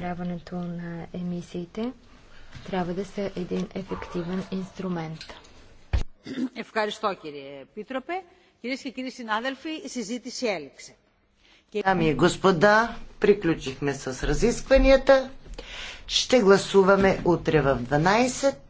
намаляването на емисиите трябва да са един ефективен инструмент. Ευχαριστώ κύριε Επίτροπε. Κυρίες και κύριοι συνάδελφοι, η συζήτηση έληξε. Дами и господа, приключихме с разискванията. Ще гласуваме утре в 12.